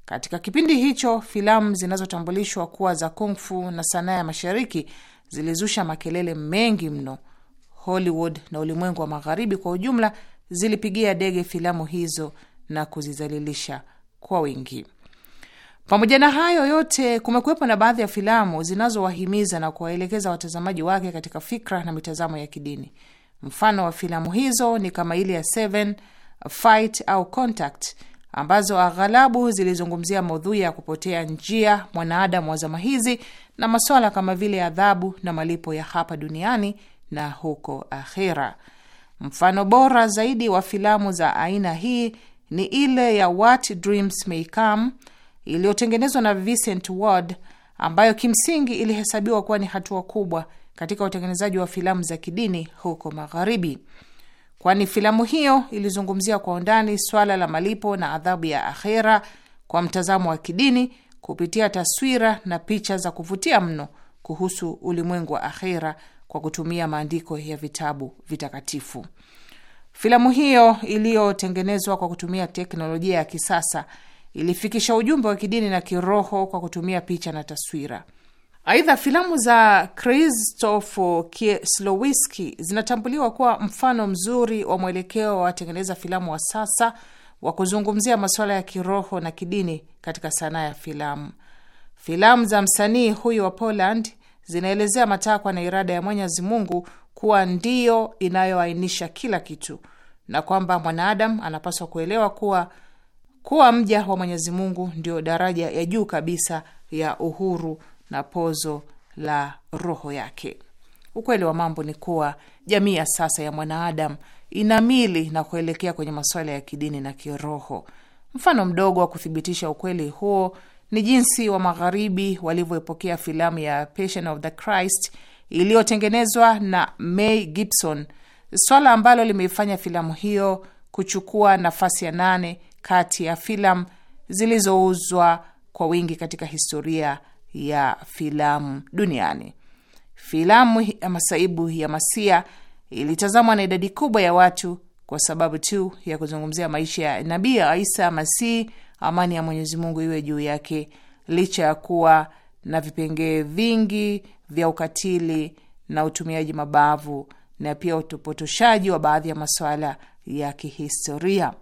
Katika kipindi hicho, filamu zinazotambulishwa kuwa za kungfu na sanaa ya mashariki zilizusha makelele mengi mno. Hollywood na ulimwengu wa magharibi kwa ujumla zilipigia dege filamu hizo na kuzizalilisha kwa wingi. Pamoja na hayo yote, kumekuwepo na baadhi ya filamu zinazowahimiza na kuwaelekeza watazamaji wake katika fikra na mitazamo ya kidini. Mfano wa filamu hizo ni kama ile ya Seven Fight au Contact ambazo aghalabu zilizungumzia maudhui ya kupotea njia mwanaadamu wa zama hizi na masuala kama vile adhabu na malipo ya hapa duniani na huko akhira Mfano bora zaidi wa filamu za aina hii ni ile ya What Dreams May Come iliyotengenezwa na Vincent Ward ambayo kimsingi ilihesabiwa kuwa ni hatua kubwa katika utengenezaji wa filamu za kidini huko Magharibi kwani filamu hiyo ilizungumzia kwa undani swala la malipo na adhabu ya akhera kwa mtazamo wa kidini kupitia taswira na picha za kuvutia mno kuhusu ulimwengu wa akhera kwa kutumia maandiko ya vitabu vitakatifu. Filamu hiyo iliyotengenezwa kwa kutumia teknolojia ya kisasa ilifikisha ujumbe wa kidini na kiroho kwa kutumia picha na taswira. Aidha, filamu za Krzysztof Kieslowski zinatambuliwa kuwa mfano mzuri wa mwelekeo wa watengeneza filamu wa sasa wa kuzungumzia masuala ya kiroho na kidini katika sanaa ya filamu. Filamu za msanii huyu wa Poland zinaelezea matakwa na irada ya Mwenyezi Mungu kuwa ndiyo inayoainisha kila kitu na kwamba mwanadamu anapaswa kuelewa kuwa kuwa mja wa Mwenyezi Mungu ndio daraja ya juu kabisa ya uhuru na pozo la roho yake. Ukweli wa mambo ni kuwa jamii ya sasa ya mwanaadamu ina mili na kuelekea kwenye masuala ya kidini na kiroho. Mfano mdogo wa kuthibitisha ukweli huo ni jinsi wa magharibi walivyoipokea filamu ya Passion of the Christ iliyotengenezwa na Mel Gibson, swala ambalo limeifanya filamu hiyo kuchukua nafasi ya nane kati ya filamu zilizouzwa kwa wingi katika historia ya filamu duniani. Filamu ya masaibu ya Masia ilitazamwa na idadi kubwa ya watu kwa sababu tu ya kuzungumzia maisha ya Nabii Isa Masihi, amani ya Mwenyezi Mungu iwe juu yake, licha ya kuwa na vipengee vingi vya ukatili na utumiaji mabavu na pia utopotoshaji wa baadhi ya masuala ya kihistoria.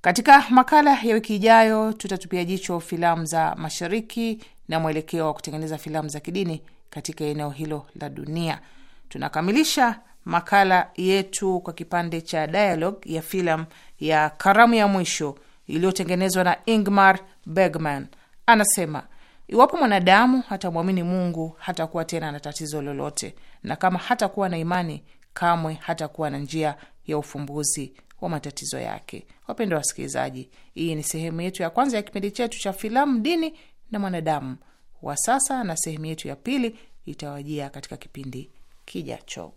Katika makala ya wiki ijayo tutatupia jicho filamu za mashariki na mwelekeo wa kutengeneza filamu za kidini katika eneo hilo la dunia. Tunakamilisha makala yetu kwa kipande cha dialogue ya filamu ya Karamu ya Mwisho iliyotengenezwa na Ingmar Bergman. Anasema iwapo mwanadamu hatamwamini Mungu hatakuwa tena na tatizo lolote, na kama hatakuwa na imani, kamwe hatakuwa na njia ya ufumbuzi wa matatizo yake. Wapendwa wasikilizaji, hii ni sehemu yetu ya kwanza ya kipindi chetu cha filamu, dini na mwanadamu wa sasa, na sehemu yetu ya pili itawajia katika kipindi kijacho.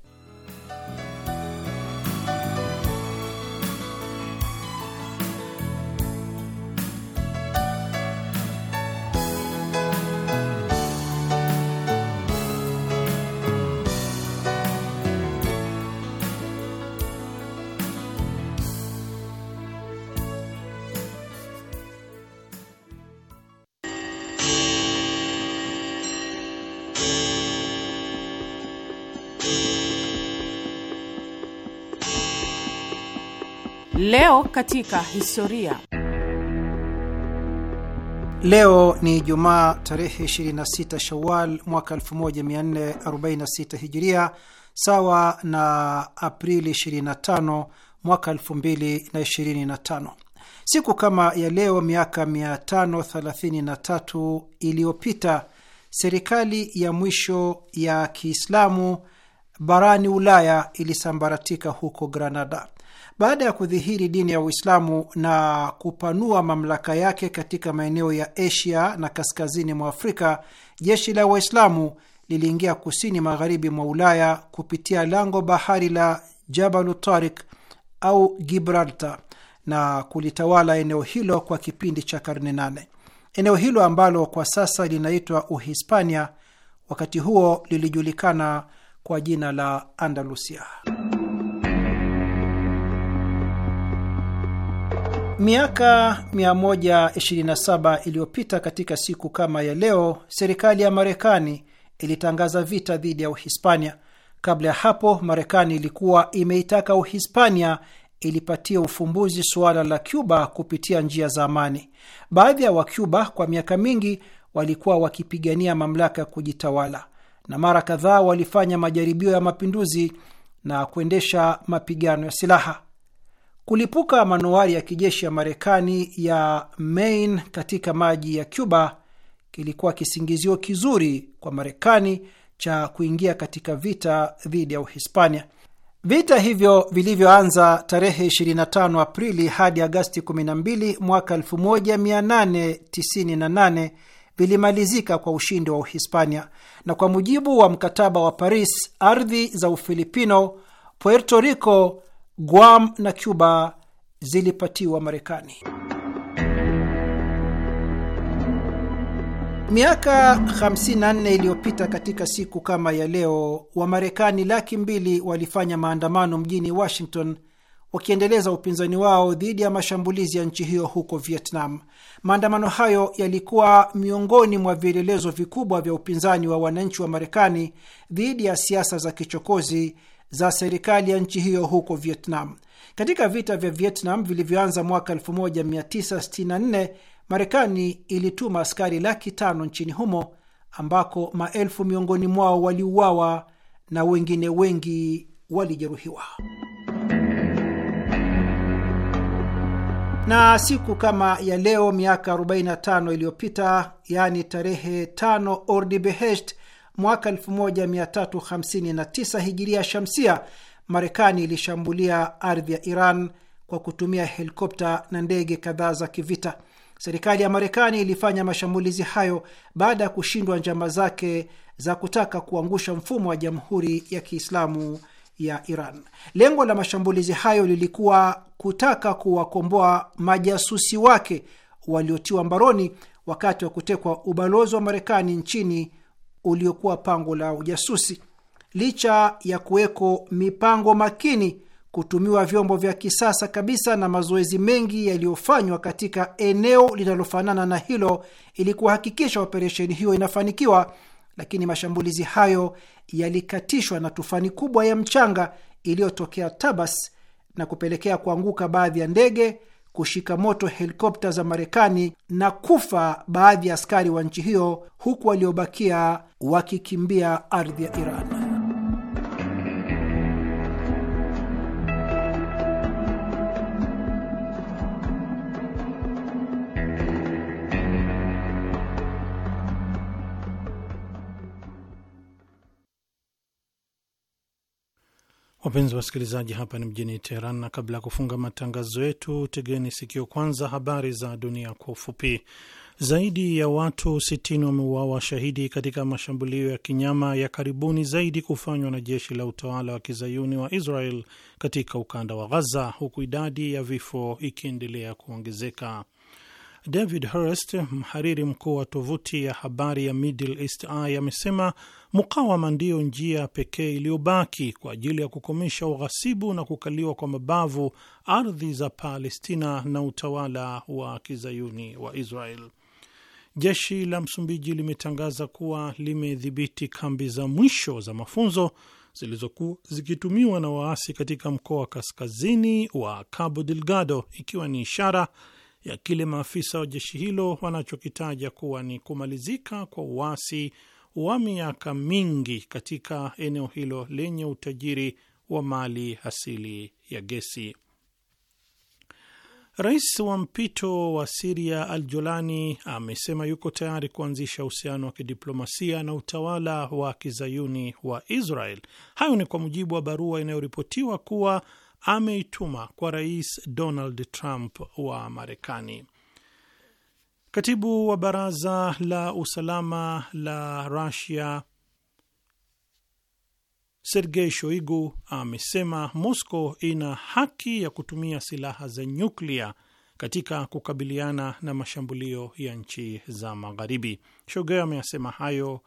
Leo katika historia.
Leo ni Jumaa tarehe 26 Shawal mwaka 1446 Hijiria, sawa na Aprili 25 mwaka 2025. Siku kama ya leo miaka 533 iliyopita serikali ya mwisho ya Kiislamu barani Ulaya ilisambaratika huko Granada. Baada ya kudhihiri dini ya Uislamu na kupanua mamlaka yake katika maeneo ya Asia na kaskazini mwa Afrika, jeshi la Waislamu liliingia kusini magharibi mwa Ulaya kupitia lango bahari la Jabalu Tarik au Gibraltar na kulitawala eneo hilo kwa kipindi cha karne nane. Eneo hilo ambalo kwa sasa linaitwa Uhispania, wakati huo lilijulikana kwa jina la Andalusia. Miaka 127 iliyopita katika siku kama ya leo, serikali ya Marekani ilitangaza vita dhidi ya Uhispania. Kabla ya hapo, Marekani ilikuwa imeitaka Uhispania ilipatia ufumbuzi suala la Cuba kupitia njia za amani. Baadhi ya Wacuba kwa miaka mingi walikuwa wakipigania mamlaka ya kujitawala na mara kadhaa walifanya majaribio ya mapinduzi na kuendesha mapigano ya silaha. Kulipuka manuari ya kijeshi ya Marekani ya Maine katika maji ya Cuba kilikuwa kisingizio kizuri kwa Marekani cha kuingia katika vita dhidi ya Uhispania. Vita hivyo vilivyoanza tarehe 25 Aprili hadi Agasti 12 mwaka 1898 vilimalizika kwa ushindi wa Uhispania, na kwa mujibu wa mkataba wa Paris, ardhi za Ufilipino, Puerto Rico Guam na Cuba zilipatiwa Marekani. Miaka 54 iliyopita katika siku kama ya leo, Wamarekani laki mbili walifanya maandamano mjini Washington wakiendeleza upinzani wao dhidi ya mashambulizi ya nchi hiyo huko Vietnam. Maandamano hayo yalikuwa miongoni mwa vielelezo vikubwa vya upinzani wa wananchi wa Marekani dhidi ya siasa za kichokozi za serikali ya nchi hiyo huko Vietnam. Katika vita vya Vietnam vilivyoanza mwaka 1964 Marekani ilituma askari laki tano nchini humo ambako maelfu miongoni mwao waliuawa na wengine wengi walijeruhiwa. Na siku kama ya leo miaka 45 iliyopita, yaani tarehe 5 Ordibehesht mwaka 1359 hijiria shamsia, Marekani ilishambulia ardhi ya Iran kwa kutumia helikopta na ndege kadhaa za kivita. Serikali ya Marekani ilifanya mashambulizi hayo baada ya kushindwa njama zake za kutaka kuangusha mfumo wa Jamhuri ya Kiislamu ya Iran. Lengo la mashambulizi hayo lilikuwa kutaka kuwakomboa majasusi wake waliotiwa mbaroni wakati wa kutekwa ubalozi wa Marekani nchini uliokuwa pango la ujasusi. Licha ya kuweko mipango makini, kutumiwa vyombo vya kisasa kabisa na mazoezi mengi yaliyofanywa katika eneo linalofanana na hilo ili kuhakikisha operesheni hiyo inafanikiwa, lakini mashambulizi hayo yalikatishwa na tufani kubwa ya mchanga iliyotokea Tabas na kupelekea kuanguka baadhi ya ndege kushika moto helikopta za Marekani na kufa baadhi ya askari wa nchi hiyo, huku waliobakia wakikimbia ardhi ya Iran.
Wapenzi wasikilizaji, hapa ni mjini Teheran, na kabla ya kufunga matangazo yetu, tegeni sikio kwanza habari za dunia kwa ufupi. Zaidi ya watu 60 wameuawa shahidi katika mashambulio ya kinyama ya karibuni zaidi kufanywa na jeshi la utawala wa kizayuni wa Israel katika ukanda wa Ghaza, huku idadi ya vifo ikiendelea kuongezeka. David Hurst, mhariri mkuu wa tovuti ya habari ya Middle East Eye, amesema Mukawama ndiyo njia pekee iliyobaki kwa ajili ya kukomesha ughasibu na kukaliwa kwa mabavu ardhi za Palestina na utawala wa kizayuni wa Israel. Jeshi la Msumbiji limetangaza kuwa limedhibiti kambi za mwisho za mafunzo zilizokuwa zikitumiwa na waasi katika mkoa wa kaskazini wa Cabo Delgado, ikiwa ni ishara ya kile maafisa wa jeshi hilo wanachokitaja kuwa ni kumalizika kwa uasi wa miaka mingi katika eneo hilo lenye utajiri wa mali asili ya gesi. Rais wa mpito wa Siria Al Jolani amesema yuko tayari kuanzisha uhusiano wa kidiplomasia na utawala wa kizayuni wa Israel. Hayo ni kwa mujibu wa barua inayoripotiwa kuwa ameituma kwa Rais Donald Trump wa Marekani. Katibu wa baraza la usalama la rasia Sergei Shoigu amesema Moscow ina haki ya kutumia silaha za nyuklia katika kukabiliana na mashambulio ya nchi za Magharibi. Shoigu ameyasema hayo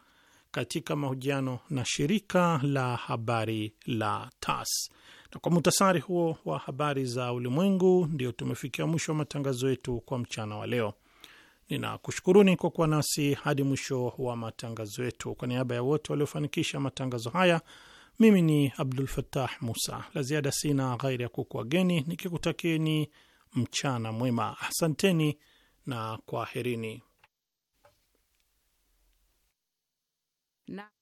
katika mahojiano na shirika la habari la TASS. Na kwa muhtasari huo wa habari za ulimwengu, ndio tumefikia mwisho wa matangazo yetu kwa mchana wa leo. Ninakushukuruni kwa kuwa nasi hadi mwisho wa matangazo yetu. Kwa niaba ya wote waliofanikisha matangazo haya, mimi ni Abdul Fattah Musa. La ziada sina ghairi ya kukuageni nikikutakieni mchana mwema. Asanteni na kwaherini
na